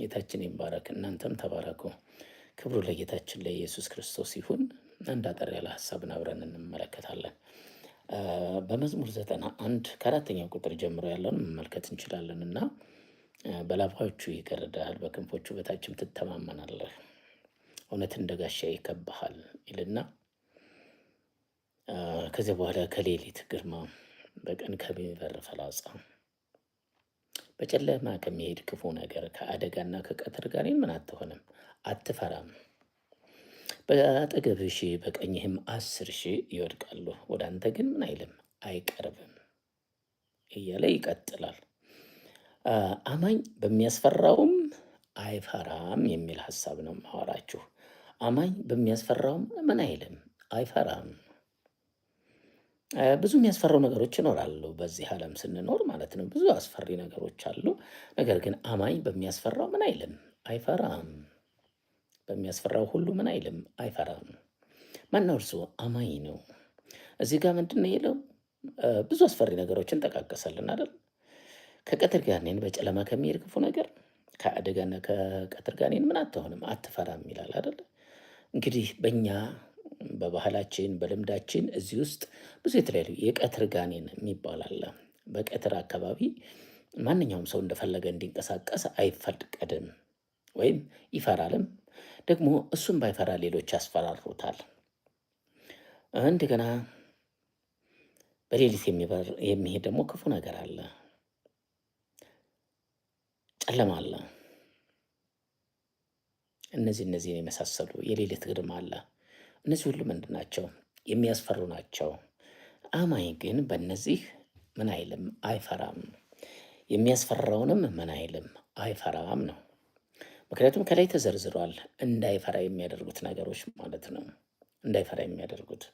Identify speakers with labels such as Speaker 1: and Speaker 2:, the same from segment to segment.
Speaker 1: ጌታችን ይባረክ፣ እናንተም ተባረኩ። ክብሩ ለጌታችን ለኢየሱስ ክርስቶስ ይሁን። አንድ አጠር ያለ ሀሳብን አብረን እንመለከታለን። በመዝሙር ዘጠና አንድ ከአራተኛው ቁጥር ጀምሮ ያለውን መመልከት እንችላለን እና በላባዎቹ ይገርድሃል፣ በክንፎቹ በታችም ትተማመናለህ፣ እውነት እንደ ጋሻ ይከብሃል ይልና ከዚያ በኋላ ከሌሊት ግርማ በቀን ከሚበር ፈላጻ በጨለማ ከሚሄድ ክፉ ነገር ከአደጋና ከቀትር ጋር ምን አትሆንም፣ አትፈራም። በአጠገብህ ሺህ በቀኝህም አስር ሺህ ይወድቃሉ፣ ወደ አንተ ግን ምን አይልም አይቀርብም እያለ ይቀጥላል። አማኝ በሚያስፈራውም አይፈራም የሚል ሀሳብ ነው ማወራችሁ። አማኝ በሚያስፈራውም ምን አይልም አይፈራም። ብዙ የሚያስፈራው ነገሮች ይኖራሉ። በዚህ ዓለም ስንኖር ማለት ነው። ብዙ አስፈሪ ነገሮች አሉ። ነገር ግን አማኝ በሚያስፈራው ምን አይልም፣ አይፈራም። በሚያስፈራው ሁሉ ምን አይልም፣ አይፈራም። ማነው? እርሱ አማኝ ነው። እዚህ ጋር ምንድን ነው የለው? ብዙ አስፈሪ ነገሮችን ጠቃቀሰልን አይደል? ከቀትር ጋኔን፣ በጨለማ ከሚሄድ ክፉ ነገር፣ ከአደጋና ከቀትር ጋኔን ምን አትሆንም፣ አትፈራም ይላል አይደል? እንግዲህ በእኛ በባህላችን በልምዳችን እዚህ ውስጥ ብዙ የተለያዩ የቀትር ጋኔን የሚባል አለ። በቀትር አካባቢ ማንኛውም ሰው እንደፈለገ እንዲንቀሳቀስ አይፈቀድም ወይም ይፈራልም። ደግሞ እሱም ባይፈራ ሌሎች ያስፈራሩታል። እንደገና በሌሊት የሚሄድ ደግሞ ክፉ ነገር አለ፣ ጨለማ አለ። እነዚህ እነዚህን የመሳሰሉ የሌሊት ግርማ አለ። እነዚህ ሁሉ ምንድን ናቸው? የሚያስፈሩ ናቸው። አማኝ ግን በእነዚህ ምን አይልም? አይፈራም። የሚያስፈራውንም ምን አይልም? አይፈራም ነው። ምክንያቱም ከላይ ተዘርዝሯል፣ እንዳይፈራ የሚያደርጉት ነገሮች ማለት ነው። እንዳይፈራ የሚያደርጉት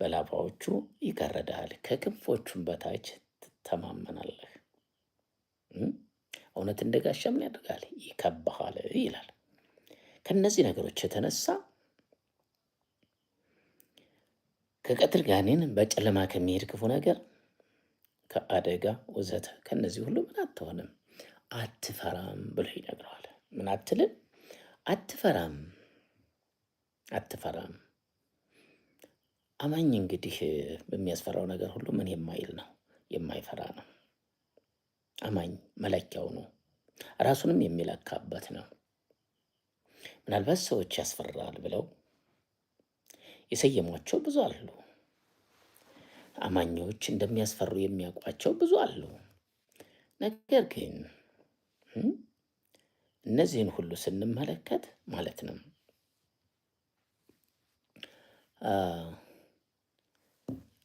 Speaker 1: በላባዎቹ ይጋረዳል ከክንፎቹም በታች ትተማመናለህ። እውነት እንደ ጋሻ ምን ያደርጋል? ይከብሃል ይላል። ከእነዚህ ነገሮች የተነሳ ከቀትር ጋኔን በጨለማ ከሚሄድ ክፉ ነገር ከአደጋ ወዘተ ከነዚህ ሁሉ ምን አትሆንም አትፈራም ብሎ ይነግረዋል። ምን አትልም አትፈራም አትፈራም። አማኝ እንግዲህ በሚያስፈራው ነገር ሁሉ ምን የማይል ነው የማይፈራ ነው። አማኝ መለኪያው ነው፣ ራሱንም የሚለካበት ነው። ምናልባት ሰዎች ያስፈራል ብለው የሰየሟቸው ብዙ አሉ። አማኞች እንደሚያስፈሩ የሚያውቋቸው ብዙ አሉ። ነገር ግን እነዚህን ሁሉ ስንመለከት ማለት ነው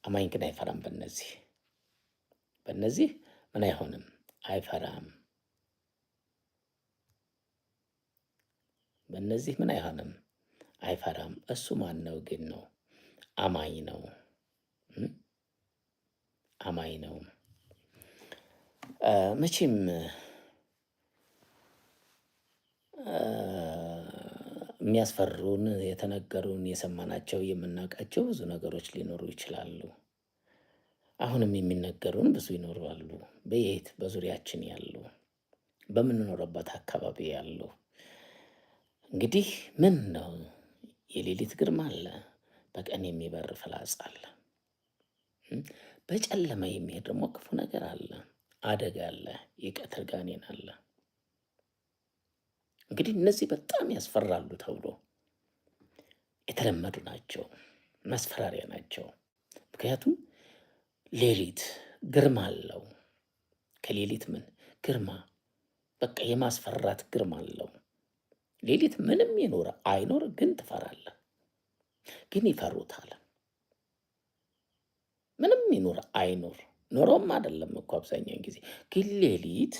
Speaker 1: አማኝ ግን አይፈራም። በነዚህ በነዚህ ምን አይሆንም፣ አይፈራም። በነዚህ ምን አይሆንም አይፈራም። እሱ ማን ነው ግን ነው? አማኝ ነው፣ አማኝ ነው። መቼም የሚያስፈሩን የተነገሩን የሰማናቸው የምናውቃቸው ብዙ ነገሮች ሊኖሩ ይችላሉ። አሁንም የሚነገሩን ብዙ ይኖራሉ። በየት በዙሪያችን ያሉ በምንኖርበት አካባቢ ያሉ እንግዲህ ምን ነው የሌሊት ግርማ አለ፣ በቀን የሚበር ፍላጻ አለ። በጨለማ የሚሄድ ደግሞ ክፉ ነገር አለ፣ አደጋ አለ፣ የቀትር ጋኔን አለ። እንግዲህ እነዚህ በጣም ያስፈራሉ ተብሎ የተለመዱ ናቸው፣ ማስፈራሪያ ናቸው። ምክንያቱም ሌሊት ግርማ አለው። ከሌሊት ምን ግርማ፣ በቃ የማስፈራት ግርማ አለው። ሌሊት ምንም ይኖር አይኖር ግን ትፈራለህ። ግን ይፈሩታል። ምንም ይኖር አይኖር ኖሮም አይደለም እኮ አብዛኛውን ጊዜ ግን ሌሊት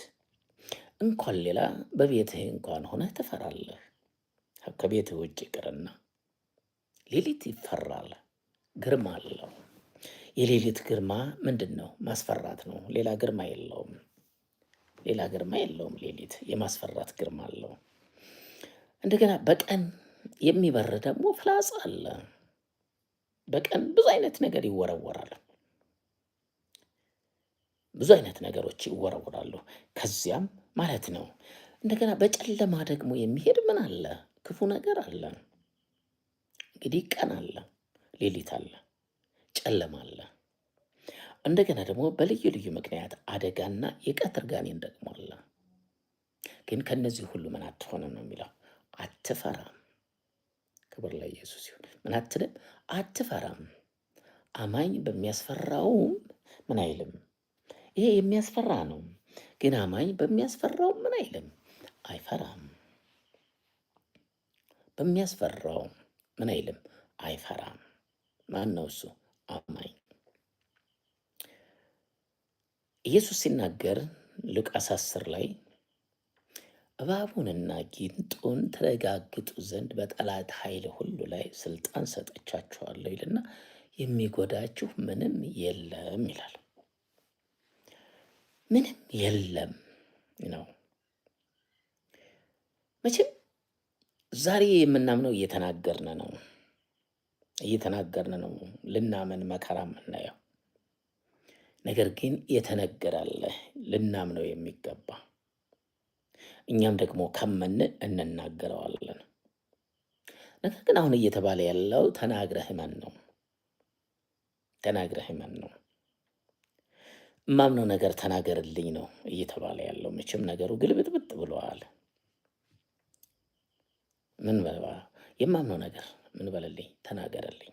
Speaker 1: እንኳን ሌላ በቤትህ እንኳን ሆነህ ትፈራለህ። ከቤትህ ውጭ ይቅርና ሌሊት ይፈራል። ግርማ አለው። የሌሊት ግርማ ምንድን ነው? ማስፈራት ነው። ሌላ ግርማ የለውም። ሌላ ግርማ የለውም። ሌሊት የማስፈራት ግርማ አለው። እንደገና በቀን የሚበር ደግሞ ፍላጻ አለ። በቀን ብዙ አይነት ነገር ይወረወራል። ብዙ አይነት ነገሮች ይወረወራሉ። ከዚያም ማለት ነው እንደገና በጨለማ ደግሞ የሚሄድ ምን አለ? ክፉ ነገር አለ። እንግዲህ ቀን አለ፣ ሌሊት አለ፣ ጨለማ አለ። እንደገና ደግሞ በልዩ ልዩ ምክንያት አደጋና የቀትር ጋኔን ደግሞ አለ። ግን ከነዚህ ሁሉ ምን አትሆንም ነው የሚለው አትፈራም። ክብር ለኢየሱስ ይሁን። ምን አትልም? አትፈራም። አማኝ በሚያስፈራውም ምን አይልም። ይሄ የሚያስፈራ ነው። ግን አማኝ በሚያስፈራው ምን አይልም፣ አይፈራም። በሚያስፈራው ምን አይልም፣ አይፈራም። ማን ነው እሱ? አማኝ ኢየሱስ ሲናገር ሉቃስ አስር ላይ እባቡንና ጊንጡን ተረጋግጡ ዘንድ በጠላት ኃይል ሁሉ ላይ ስልጣን ሰጠቻችኋለሁ ይልና የሚጎዳችሁ ምንም የለም ይላል። ምንም የለም ነው። መቼም ዛሬ የምናምነው እየተናገርን ነው እየተናገርን ነው ልናምን መከራ የምናየው ነገር ግን የተነገራለህ ልናምነው የሚገባ እኛም ደግሞ ከመን እንናገረዋለን። ነገር ግን አሁን እየተባለ ያለው ተናግረ ነው። ተናግረህ ህመን ነው። እማምነው ነገር ተናገርልኝ ነው እየተባለ ያለው። መቼም ነገሩ ግልብጥብጥ ብለዋል። ምን በለባ የማምነው ነገር ምን በለልኝ፣ ተናገርልኝ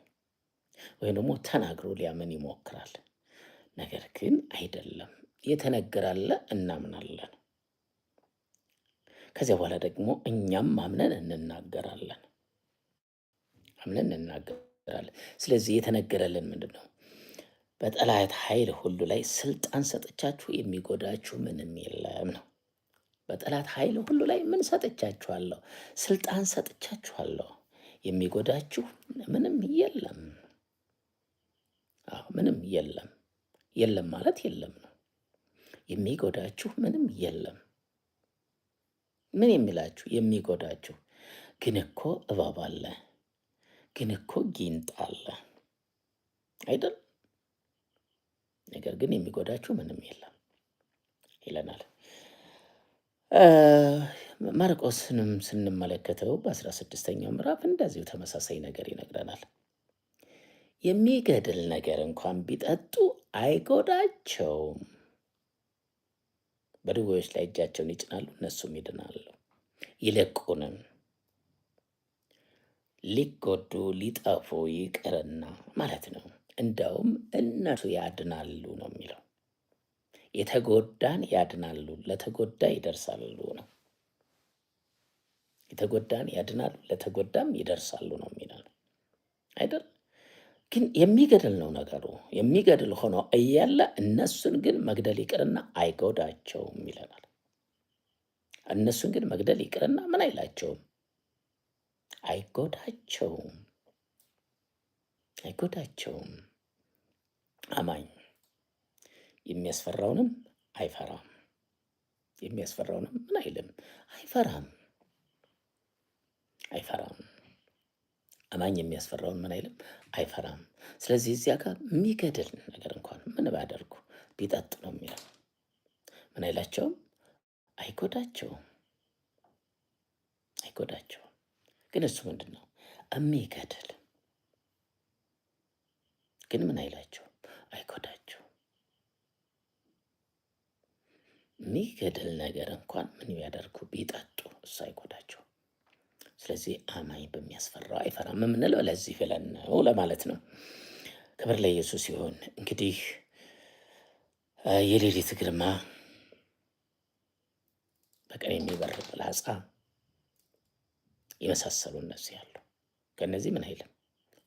Speaker 1: ወይም ደግሞ ተናግሮ ሊያምን ይሞክራል። ነገር ግን አይደለም የተነገራለ እናምናለን ከዚያ በኋላ ደግሞ እኛም አምነን እንናገራለን አምነን እንናገራለን። ስለዚህ የተነገረልን ምንድን ነው? በጠላት ኃይል ሁሉ ላይ ስልጣን ሰጥቻችሁ የሚጎዳችሁ ምንም የለም ነው። በጠላት ኃይል ሁሉ ላይ ምን ሰጥቻችኋለሁ? ስልጣን ሰጥቻችኋለሁ። የሚጎዳችሁ ምንም የለም። አዎ ምንም የለም። የለም ማለት የለም ነው። የሚጎዳችሁ ምንም የለም። ምን የሚላችሁ የሚጎዳችሁ ግን እኮ እባብ አለ፣ ግን እኮ ጊንጥ አለ አይደል? ነገር ግን የሚጎዳችሁ ምንም የለም ይለናል። ማርቆስንም ስንመለከተው በአስራ ስድስተኛው ምዕራፍ እንደዚሁ ተመሳሳይ ነገር ይነግረናል። የሚገድል ነገር እንኳን ቢጠጡ አይጎዳቸውም በድዌዎች ላይ እጃቸውን ይጭናሉ፣ እነሱም ይድናሉ። ይለቁንም ሊጎዱ ሊጠፉ ይቅርና ማለት ነው። እንደውም እነሱ ያድናሉ ነው የሚለው። የተጎዳን ያድናሉ፣ ለተጎዳ ይደርሳሉ ነው። የተጎዳን ያድናሉ፣ ለተጎዳም ይደርሳሉ ነው የሚለው አይደል? ግን የሚገድል ነው ነገሩ። የሚገድል ሆኖ እያለ እነሱን ግን መግደል ይቅርና አይጎዳቸውም ይለናል። እነሱን ግን መግደል ይቅርና ምን አይላቸውም፣ አይጎዳቸውም፣ አይጎዳቸውም። አማኝ የሚያስፈራውንም አይፈራም፣ የሚያስፈራውንም ምን አይልም፣ አይፈራም፣ አይፈራም። አማኝ የሚያስፈራውን ምን አይልም አይፈራም። ስለዚህ እዚያ ጋር የሚገድል ነገር እንኳን ምን ባደርጉ ቢጠጡ ነው የሚለው ምን አይላቸውም፣ አይጎዳቸውም፣ አይጎዳቸውም። ግን እሱ ምንድን ነው የሚገድል ግን ምን አይላቸውም፣ አይጎዳቸውም። የሚገድል ነገር እንኳን ምን ያደርጉ ቢጠጡ እሱ አይጎዳቸውም። ስለዚህ አማኝ በሚያስፈራው አይፈራም የምንለው ለዚህ ብለን ነው ለማለት ነው። ክብር ለኢየሱስ ሲሆን እንግዲህ የሌሊት ግርማ፣ በቀን የሚበር ፍላጻ የመሳሰሉ እነዚህ ያሉ ከእነዚህ ምን አይልም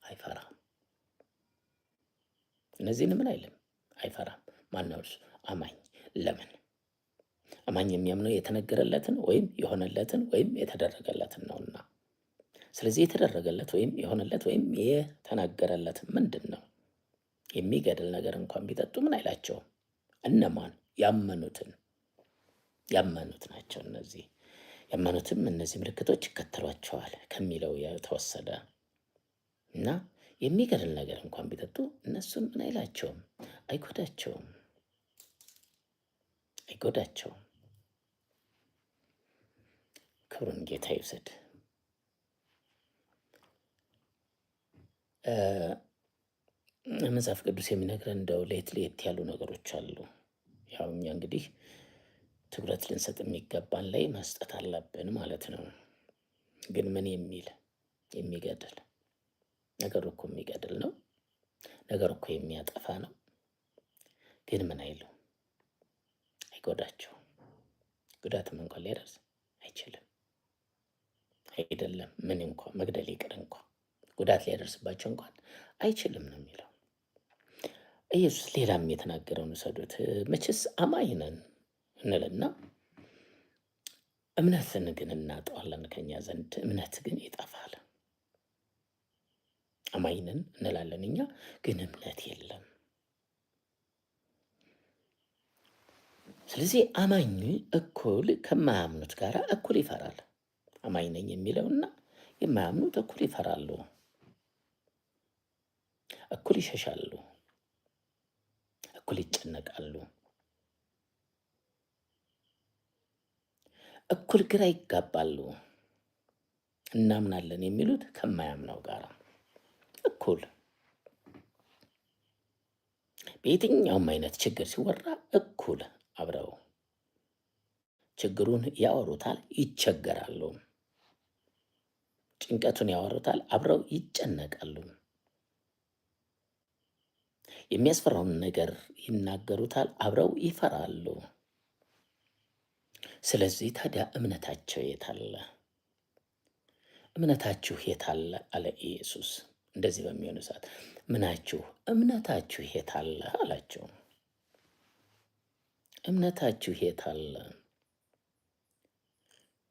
Speaker 1: አይፈራም። እነዚህን ምን አይልም አይፈራም። ማነው እርሱ አማኝ ለምን አማኝ የሚያምነው የተነገረለትን ወይም የሆነለትን ወይም የተደረገለትን ነውና። ስለዚህ የተደረገለት ወይም የሆነለት ወይም የተናገረለት ምንድን ነው? የሚገድል ነገር እንኳን ቢጠጡ ምን አይላቸውም። እነማን ያመኑትን ያመኑት ናቸው። እነዚህ ያመኑትም እነዚህ ምልክቶች ይከተሏቸዋል ከሚለው የተወሰደ እና የሚገድል ነገር እንኳን ቢጠጡ እነሱን ምን አይላቸውም፣ አይጎዳቸውም፣ አይጎዳቸውም። ክብርን ጌታ ይውሰድ። መጽሐፍ ቅዱስ የሚነግረን እንደው ለየት ለየት ያሉ ነገሮች አሉ። ያው እኛ እንግዲህ ትኩረት ልንሰጥ የሚገባን ላይ መስጠት አለብን ማለት ነው። ግን ምን የሚል የሚገድል ነገር እኮ የሚገድል ነው። ነገር እኮ የሚያጠፋ ነው። ግን ምን አይለው አይጎዳቸው ጉዳትም እንኳን ሊያደርስ አይችልም። አይደለም ምን እንኳ መግደል ይቅር እንኳ ጉዳት ሊያደርስባቸው እንኳን አይችልም ነው የሚለው ኢየሱስ። ሌላም የተናገረውን ውሰዱት። መቼስ አማኝ ነን እንልና እምነትን ግን እናጠዋለን ከኛ ዘንድ እምነት ግን ይጠፋል። አማኝ ነን እንላለን እኛ ግን እምነት የለም። ስለዚህ አማኝ እኩል ከማያምኑት ጋር እኩል ይፈራል። አማኝ ነኝ የሚለው እና የማያምኑት እኩል ይፈራሉ፣ እኩል ይሸሻሉ፣ እኩል ይጨነቃሉ፣ እኩል ግራ ይጋባሉ። እናምናለን የሚሉት ከማያምነው ጋር እኩል በየትኛውም አይነት ችግር ሲወራ እኩል አብረው ችግሩን ያወሩታል፣ ይቸገራሉ። ጭንቀቱን ያወሩታል፣ አብረው ይጨነቃሉ። የሚያስፈራውን ነገር ይናገሩታል፣ አብረው ይፈራሉ። ስለዚህ ታዲያ እምነታቸው የታለ? እምነታችሁ የታለ አለ ኢየሱስ። እንደዚህ በሚሆኑ ሰዓት ምናችሁ እምነታችሁ የታለ አላቸው። እምነታችሁ የታለ?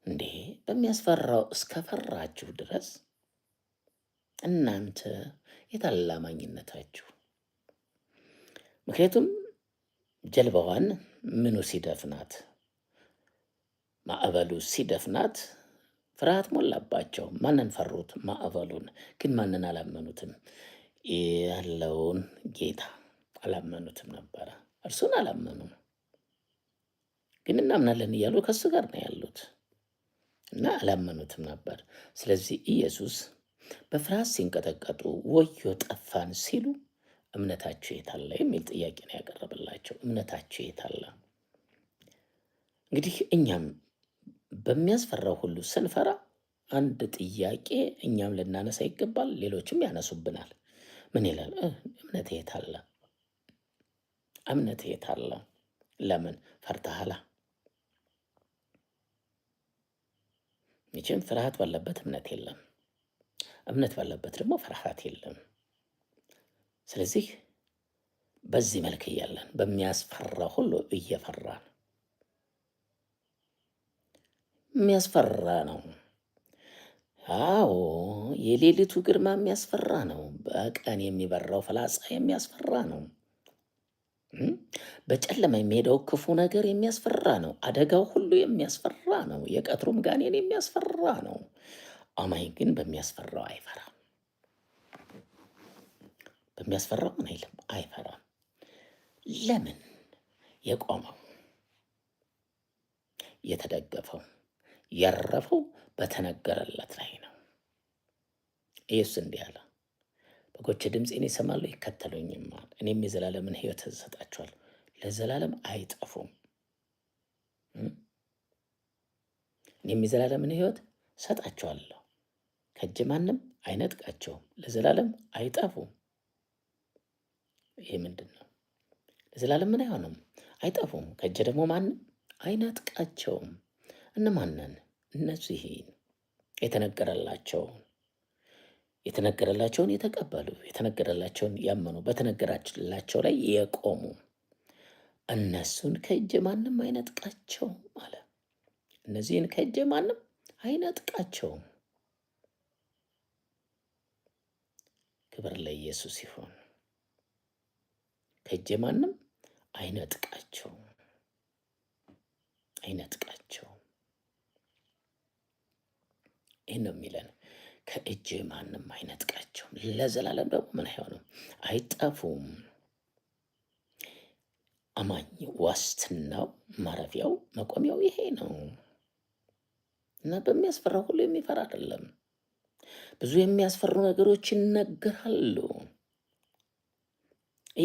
Speaker 1: እንዴ በሚያስፈራው እስከፈራችሁ ድረስ እናንተ የታላማኝነታችሁ ምክንያቱም ጀልባዋን ምኑ ሲደፍናት ማዕበሉ ሲደፍናት ፍርሃት ሞላባቸው። ማንን ፈሩት? ማዕበሉን። ግን ማንን አላመኑትም? ያለውን ጌታ አላመኑትም ነበረ። እርሱን አላመኑም፣ ግን እናምናለን እያሉ ከሱ ጋር ነው ያሉት። እና አላመኑትም ነበር። ስለዚህ ኢየሱስ በፍርሃት ሲንቀጠቀጡ ወዮ ጠፋን ሲሉ እምነታቸው የታለ የሚል ጥያቄ ነው ያቀረበላቸው። እምነታቸው የታለ? እንግዲህ እኛም በሚያስፈራው ሁሉ ስንፈራ አንድ ጥያቄ እኛም ልናነሳ ይገባል፣ ሌሎችም ያነሱብናል። ምን ይላል? እምነት የት እምነት እምነትህ ለምን ፈርተሃላ? መቼም ፍርሃት ባለበት እምነት የለም፣ እምነት ባለበት ደግሞ ፍርሃት የለም። ስለዚህ በዚህ መልክ እያለን በሚያስፈራ ሁሉ እየፈራ የሚያስፈራ ነው። አዎ የሌሊቱ ግርማ የሚያስፈራ ነው። በቀን የሚበራው ፍላጻ የሚያስፈራ ነው። በጨለማ የሚሄደው ክፉ ነገር የሚያስፈራ ነው። አደጋው ሁሉ የሚያስፈራ ነው። የቀትሩም ጋኔን የሚያስፈራ ነው። አማኝ ግን በሚያስፈራው አይፈራም። በሚያስፈራው ምን አይልም፣ አይፈራም። ለምን? የቆመው የተደገፈው ያረፈው በተነገረለት ላይ ነው። ኢየሱስ እንዲህ አለ በጎች ድምፄን ይሰማሉ ይከተሉኝማል፣ እኔም የዘላለምን ሕይወት እሰጣቸዋለሁ፣ ለዘላለም አይጠፉም። እኔም የዘላለምን ሕይወት እሰጣቸዋለሁ፣ ከእጅ ማንም አይነጥቃቸውም፣ ለዘላለም አይጠፉም። ይህ ምንድን ነው? ለዘላለም ምን አይሆንም፣ አይጠፉም። ከእጅ ደግሞ ማንም አይነጥቃቸውም። እነማንን? እነዚህን የተነገረላቸውን የተነገረላቸውን የተቀበሉ የተነገረላቸውን ያመኑ በተነገራላቸው ላይ የቆሙ እነሱን ከእጄ ማንም አይነጥቃቸውም አለ። እነዚህን ከእጄ ማንም አይነጥቃቸውም። ክብር ለኢየሱስ ይሁን። ከእጄ ማንም አይነጥቃቸውም አይነጥቃቸውም። ይህን ነው የሚለን ከእጅ ማንም አይነጥቃቸውም። ለዘላለም ደግሞ ምን አይሆኑም፣ አይጠፉም። አማኝ ዋስትናው፣ ማረፊያው፣ መቆሚያው ይሄ ነው እና በሚያስፈራ ሁሉ የሚፈራ አይደለም። ብዙ የሚያስፈሩ ነገሮች ይነገራሉ።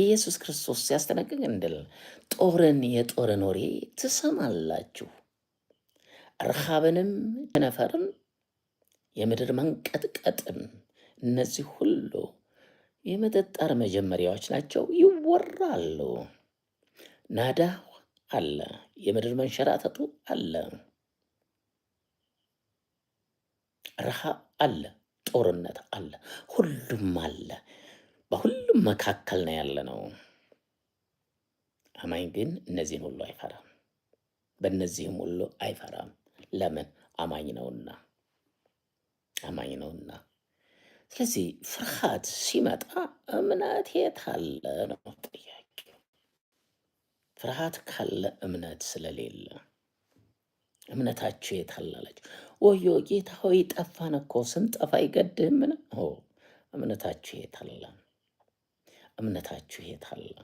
Speaker 1: ኢየሱስ ክርስቶስ ሲያስጠነቅቅ እንድል ጦርን የጦርን ወሬ ትሰማላችሁ፣ ረሃብንም ቸነፈርን የምድር መንቀጥቀጥም እነዚህ ሁሉ የመጠጣር መጀመሪያዎች ናቸው ይወራሉ። ናዳ አለ፣ የምድር መንሸራተቱ አለ፣ ረሃብ አለ፣ ጦርነት አለ፣ ሁሉም አለ። በሁሉም መካከል ነው ያለ ነው። አማኝ ግን እነዚህን ሁሉ አይፈራም፣ በእነዚህም ሁሉ አይፈራም። ለምን? አማኝ ነውና። አማኝ ነውና። ስለዚህ ፍርሃት ሲመጣ እምነት የት አለ ነው ጥያቄ። ፍርሃት ካለ እምነት ስለሌለ እምነታችሁ የት አለ ወዮ ጌታ ሆይ ጠፋን እኮ ስንጠፋ አይገድህምን? እምነታችሁ የት አለ? እምነታችሁ የት አለ?